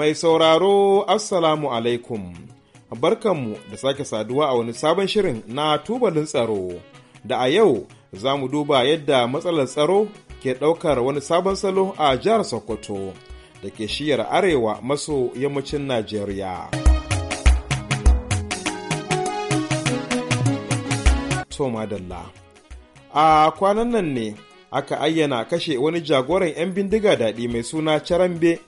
Mai sauraro Assalamu alaikum, barkanmu da sake saduwa a wani sabon shirin na tubalin tsaro, da a yau za mu duba yadda matsalar tsaro ke ɗaukar wani sabon salo a jihar Sokoto da ke shiyar arewa maso yammacin Najeriya. A kwanan nan ne aka ayyana kashe wani jagoran 'yan bindiga daɗi mai suna Charambe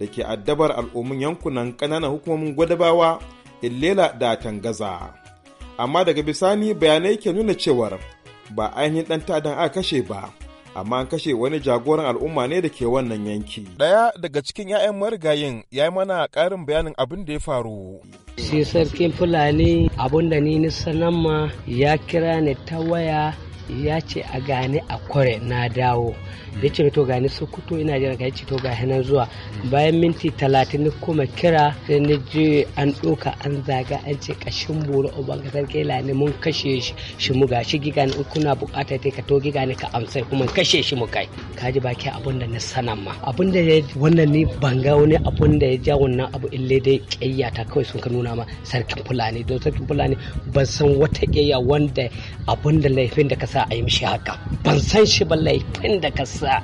da ke addabar al'ummin yankunan ƙananan hukumomin gwadabawa illela da tangaza amma daga bisani bayanai ke nuna cewar ba ainihin ɗan ta'addan aka kashe ba amma an kashe wani jagoran al'umma ne da ke wannan yanki. Daya daga cikin 'ya'yan marigayin ya yi mana ƙarin bayanin abin da ya faru. Shi sarkin Fulani abun da ni ma ya kira ni ta waya ya ce a gane a kware na dawo ya ce to gani sokoto ina jira ka ce to ga nan zuwa bayan minti talatin ni kuma kira sai ni je an doka an zaga an ce kashin buru uban kasar kela ne mun kashe shi shi mu gashi giga ne kuna bukata ta ka to giga ne ka amsa kuma kashe shi mu kai ka ji baki abun da na sanan ma abun da ya wannan ni banga wani abun da ya ja wannan abu ille dai kayya ta kawai sun ka nuna ma sarkin fulani don sarkin fulani ban san wata kayya wanda abun da laifin da ka sa sa a yi mishi haka ban san shi ba laifin da ka sa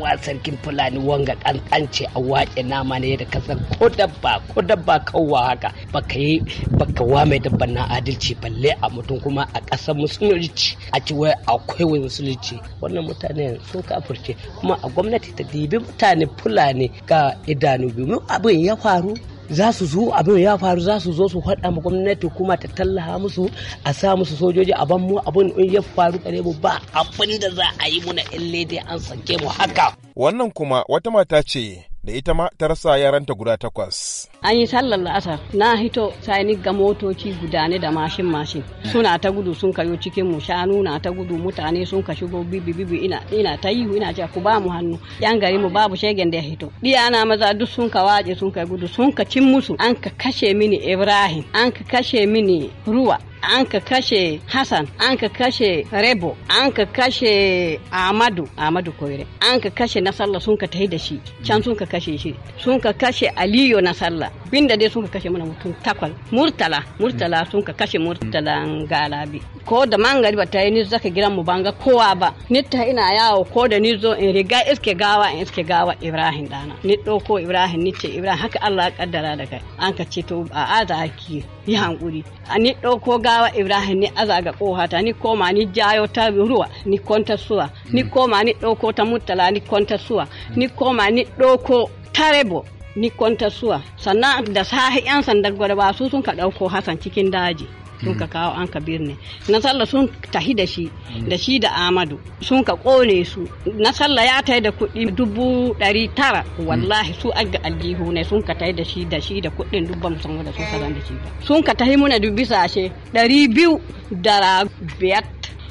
wasan kin fulani wanga kankance a wake nama ne da san ko dabba ko dabba kawwa haka baka yi baka wa mai dabban na adalci balle a mutum kuma a kasar musulunci a ci wai akwai wani musulunci wannan mutane sun kafurce kuma a gwamnati ta dibi mutane fulani ga idanu biyu abin ya faru za su zo abin ya faru za su zo su faɗa ma gwamnati kuma ta tallaha musu a sa musu sojoji a ban mu abin in ya faru kare mu ba abin da za a yi muna in dai an sake mu haka. Wannan kuma wata mata ce da ita ma ta rasa yaranta guda takwas. An yi sallar la'asar na hito sai ga motoci guda ne da mashin mashin suna ta gudu sun kayo cikin mu shanu na ta gudu mutane sun ka shigo bibi bibi ina ina ta yi ina ce ku ba mu hannu yan gari mu babu shegen da ya hito. Diya na maza duk sun ka waje sun ka gudu sun ka cin musu an ka kashe mini Ibrahim an ka kashe mini Ruwa an ka kashe Hassan, an ka kashe Rebo, an ka kashe amadu Amadu Koyre, an ka kashe Nasalla sun ka tahi da shi, can sun ka kashe shi, sun ka kashe Aliyu Nasalla, binda dai sun ka kashe mana mutum takwal, Murtala, Murtala sun ka kashe Murtala Galabi. Ko da mangari ba ta yi ni zaka gidan mu banga kowa ba, ni ta ina yawo ko da nizo in riga iske gawa in iske gawa Ibrahim dana. Ni ɗauko Ibrahim ni ce Ibrahim haka Allah ya kaddara da kai, an ka ce to a aza haki yi hankuri. Ni ɗauko gawa bawa ibrahim ni azaga kohata ni koma ni jayo ta ruwa ni konta suwa ni hmm. koma ni ɗauko ta mutala ni konta suwa ni koma ni ɗauko tarebo ni konta suwa sannan da sahi yan sandar gwada su sun ka ɗauko hasan cikin daji sun ka kawo an ka birni na sallah sun tahi da shi da shi da amadu sun ka kone su na sallah ya tai da kuɗi dubu ɗari tara wallahi su ga aljihu ne sun ka tai da shi da shi da kuɗin dubban sun da sun ka da shi ba sun ka tahi muna dubi sashe ɗari biyu da biyar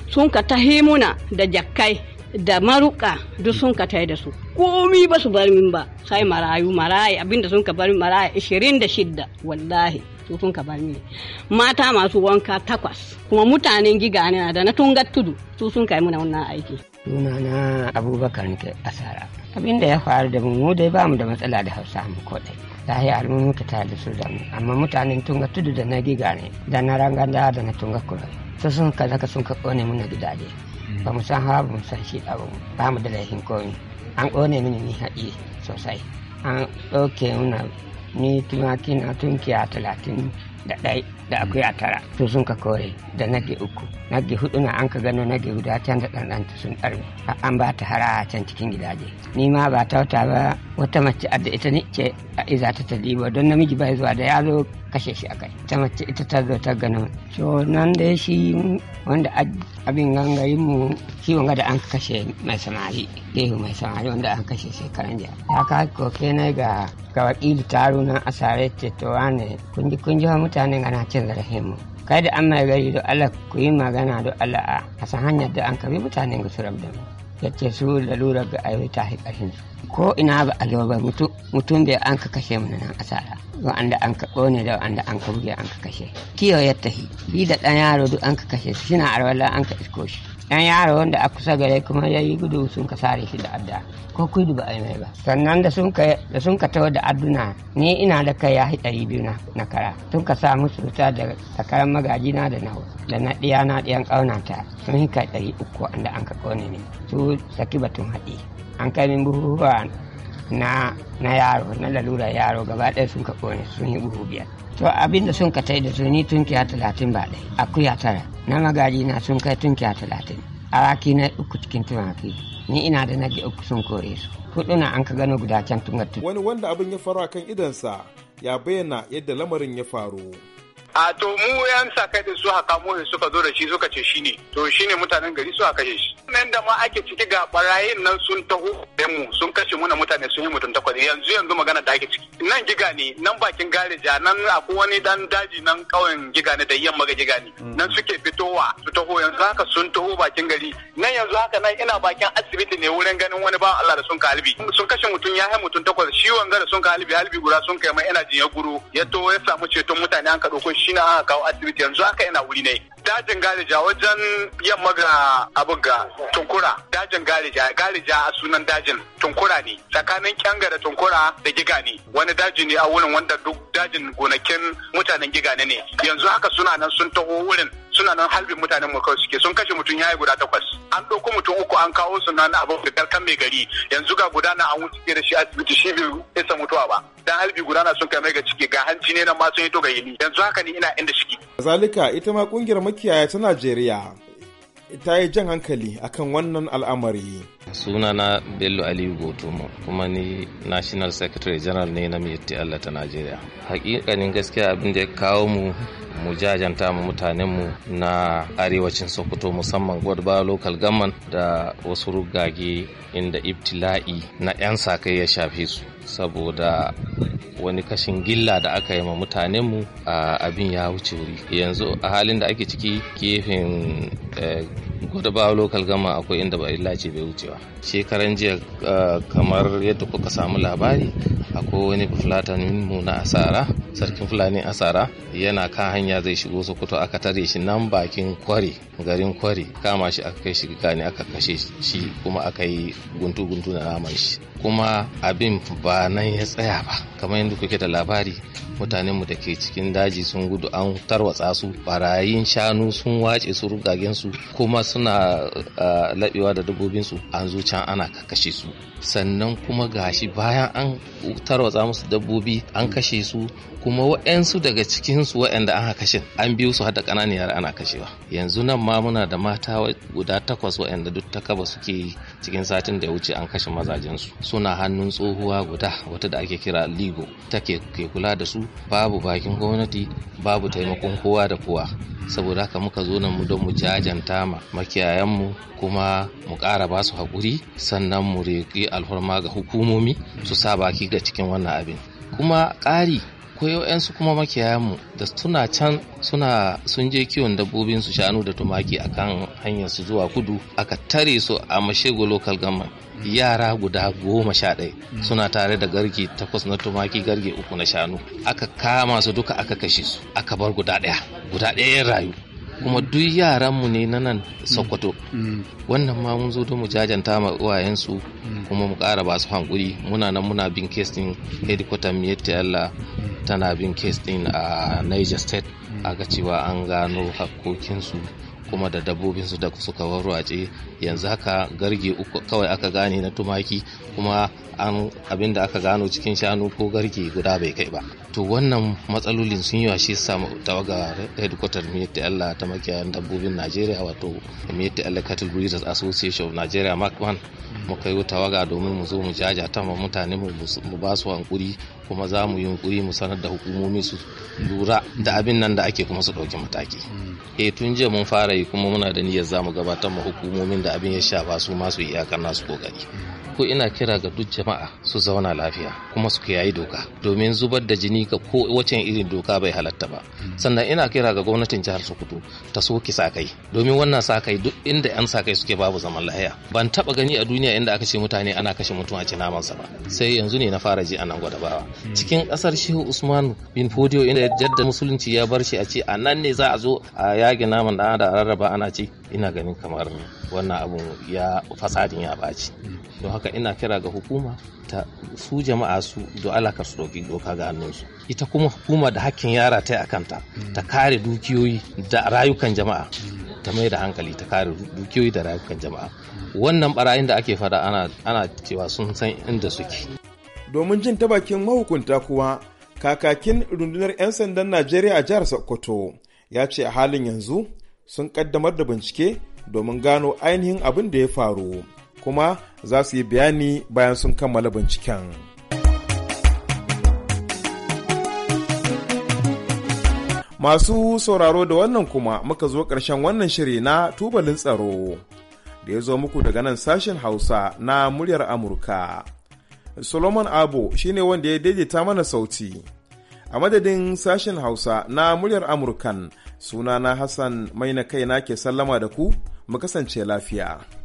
sun ka tahi muna da jakkai da maruka duk sun ka tai da su komi ba su bar min ba sai marayu marayi abinda sun ka bar marayi 26 wallahi su ka bar mini mata masu wanka takwas kuma mutanen giga ne da na tunga tudu su sun kai muna wannan aiki sunana abubakar nke asara abin da ya faru da mu dai ba mu da matsala da hausa mu kodai lahi alamun muka tare da su da mu amma mutanen tunga tudu da na giga ne da na ranganda da na tunga kura su sun ka zaka sun ka kone muna gidaje ba mu san hawa ba mu san shi abu ba mu da laifin komi an kone mini ni haɗi sosai an ɗauke muna ni a na tunkiya talatin da ɗai da akwai a tara to sun ka kore da nage uku nage hudu na an ka gano nage guda can da ɗanɗanta sun a an ba ta hara can cikin gidaje ni ma ba ta wata ba wata mace a adda ita ne ce a iza ta taliba don namiji bai zuwa da ya kashe shi akai ta mace ita ta zo ta gano to nan da shi wanda abin gangayin mu shi wanga da an kashe mai samari gehu mai samari wanda an kashe shekaran ja ya ka koke ne ga ga wakili taro na asare ce to wane kunji kunji wa mutanen ana cin zarafin mu kai da an mai gari da Allah ku yi magana da Allah a san hanyar da an kabi mutanen ga da mu yace su lalura ga aiwata ta haika su ko ina ba a gaba mutum bai an ka kashe mana nan asara wanda an ka ƙone da wanda an ka buge an ka kashe kiyo ya shi da ɗan yaro duk an ka kashe su suna arwala an ka isko shi Ɗan yaro wanda a kusa gare kuma ya yi gudu sun ka sare shi da adda ko kuidu ba a yi mai ba sannan da sun ka da tawo da adduna ni ina da kai ya yi ɗari biyu na kara sun ka sa musu wuta da takarar magajina da na da na ɗiya na ɗiyan ƙaunata sun yi ka ɗari uku wanda an ka ƙone ne su saki batun haɗi an kai min buhuhuwa na yaro na lalura yaro gaba ɗaya sun ka ƙone sun yi buhu biyar to abinda sun ka tai da su ni tunkiya talatin ba ɗai akuya tara na magaji na sun kai tunkiya talatin a raki na uku cikin tumaki ni ina da nage uku sun kore su hudu an ka gano guda can tungar wani wanda abin ya faru a kan idansa ya bayyana yadda lamarin ya faru a to mu yan sa kai da su haka mu suka zo da shi suka ce shine to shine mutanen gari su kashe shi nan da ma ake ciki ga barayin nan sun taho da mu sun kashe muna mutane sun yi mutum takwas yanzu yanzu magana da ake ciki nan giga ne nan bakin garija nan akwai wani dan daji nan kauyen giga ne da yamma ga giga ne mm. nan suke fitowa su taho yanzu haka sun taho bakin gari nan yanzu haka nan ina bakin asibiti ne wurin ganin wani ba Allah da sun ka halbi sun kashe mutum ya hai mutum takwas shi wanga da sun ka halbi halbi sun kai mai ina jin ya guru ya to ya samu ceton mutane an ka dauko shi na aka kawo asibiti yanzu haka ina wuri ne dajin garija wajen yamma ga abin ga tunkura dajin garija garija a sunan dajin tunkura ne tsakanin kyanga da tunkura da giga ne wani daji ne a wurin wanda duk dajin gonakin mutanen giga ne yanzu haka suna nan sun taho wurin suna nan halbin mutanen mu kawai suke sun kashe mutum yayi guda takwas an ɗauko mutum uku an kawo su na abin da kan mai gari yanzu ga guda na an wuce da shi asibiti shi bai isa mutuwa ba dan halbi guda na sun kai mai ga ciki ga hanci ne nan ma sun yi to ga yini yanzu haka ne ina inda shi kazalika ita ma kungiyar makiyaya ta Najeriya ta yi jan hankali akan wannan al'amari. sunana bello aliyu gotomo kuma ni national secretary general ne na miyatti allah ta najeriya hakikanin gaskiya abin da ya kawo mu mu jajanta mu mutanenmu na arewacin sokoto musamman gwadba local gaman da wasu rugage inda ibtila'i na 'yan sakai ya shafe su saboda wani kashin gilla da aka yi ma mutanenmu abin ya wuce wuri yanzu a halin da ake ciki gefen eh, gudaba lokal gama akwai inda ba illa ce bai wucewa shekaran jiya eh, kamar yadda kuka samu labari akwai wani fulatanin mu na asara sarkin fulani asara yana kan hanya zai shigo sokoto aka tare shi nan bakin kwari garin kwari kama shi aka kai shi gani aka kashe shi kuma aka yi guntu guntu na naman shi kuma abin ba nan ya tsaya ba kamar yadda kuke da labari mutanenmu da ke cikin daji sun gudu an tarwatsa su barayin shanu sun wace su rugagen su kuma suna labewa da dabbobinsu an zo can ana kakashe su sannan kuma gashi bayan an tarwatsa musu dabbobi an kashe su kuma waɗansu daga cikinsu waɗanda an kashe an biyu su hada kananiyar yara ana kashewa yanzu nan ma muna da mata guda takwas waɗanda duk ta kaba suke cikin satin da ya wuce an kashe mazajensu suna hannun tsohuwa guda wata da ake kira ligo take ke kula da su babu bakin gwamnati babu taimakon kowa da kowa saboda haka muka zo nan mu don mu jajanta ma mu kuma mu ƙara ba su haƙuri sannan mu reƙi alfarma ga hukumomi su sa baki ga cikin wannan abin kuma ƙari akwai su kuma mu da suna can suna sun je kiwon dabbobin su shanu da tumaki akan hanyar su zuwa kudu aka tare su a mashego local government yara guda goma sha ɗaya suna tare da garge takwas na tumaki garge uku na shanu aka kama su duka aka kashe su aka bar guda ɗaya guda ɗaya rayu kuma duk yaran mu ne na nan sokoto wannan ma mun zo don mu jajanta ma uwayensu kuma mu ƙara ba su hankuri muna nan muna bin kesin headquarter mu yadda Allah tana bin kes din a niger state a ga cewa an gano hakkokinsu kuma da dabbobinsu da suka warwace yanzu haka garge uku kawai aka gane na tumaki kuma an abin da aka gano cikin shanu ko garge guda bai kai ba to wannan matsalolin sun yi shi samu tawaga headquarter miyetti allah ta makiyayan dabbobin najeriya wato da allah cattle breeders association of nigeria macman muka yi tawaga domin mu zo mu jajata ma mutane mu ba su hankuri kuma za mu yi hankuri mu sanar da hukumomi su lura da abin nan da ake kuma su ɗauki mataki hmm. eh tun jiya mun fara yi kuma muna da niyyar za mu gabatar ma hukumomin da abin ya shafa su masu iyakar nasu kokari hmm. ko ina kira ga duk jama'a su zauna lafiya kuma su kiyaye doka domin zubar da jini ko wacce irin doka bai halatta ba hmm. sannan ina kira ga gwamnatin jihar sokoto ta soke kai domin wannan sakai duk inda yan sakai suke babu zaman lahiya ban taba gani a duniya inda aka ce mutane ana kashe mutum a ci namansa ba sai yanzu ne na fara ji anan gwadabawa hmm. cikin kasar shehu usman bin fodio inda jadda musulunci ya bar shi a ce a nan ne za a zo a yage naman da rarraba ana ci ina ganin kamar wannan abun ya fasadin ya baci don haka ina kira ga hukuma ta su jama'a su do alaka su ɗauki doka ga hannunsu ita kuma hukuma da hakkin yara ta a kanta ta kare dukiyoyi da rayukan jama'a ta mai da hankali ta kare dukiyoyi da rayukan jama'a wannan barayin da ake fada ana, ana cewa sun san inda suke domin jin ta bakin mahukunta kuwa kakakin rundunar 'yan sandan najeriya a jihar sokoto ya ce a halin yanzu sun kaddamar da bincike domin gano ainihin abin da ya faru kuma za su yi bayani bayan sun kammala binciken. Masu sauraro da wannan kuma muka zo ƙarshen wannan shiri na tubalin tsaro da ya zo muku daga nan sashen Hausa na muryar Amurka. Solomon Abo shine wanda ya daidaita mana sauti. a madadin sashen hausa na muryar amurkan sunana hassan mai na kaina ke sallama da ku mu kasance lafiya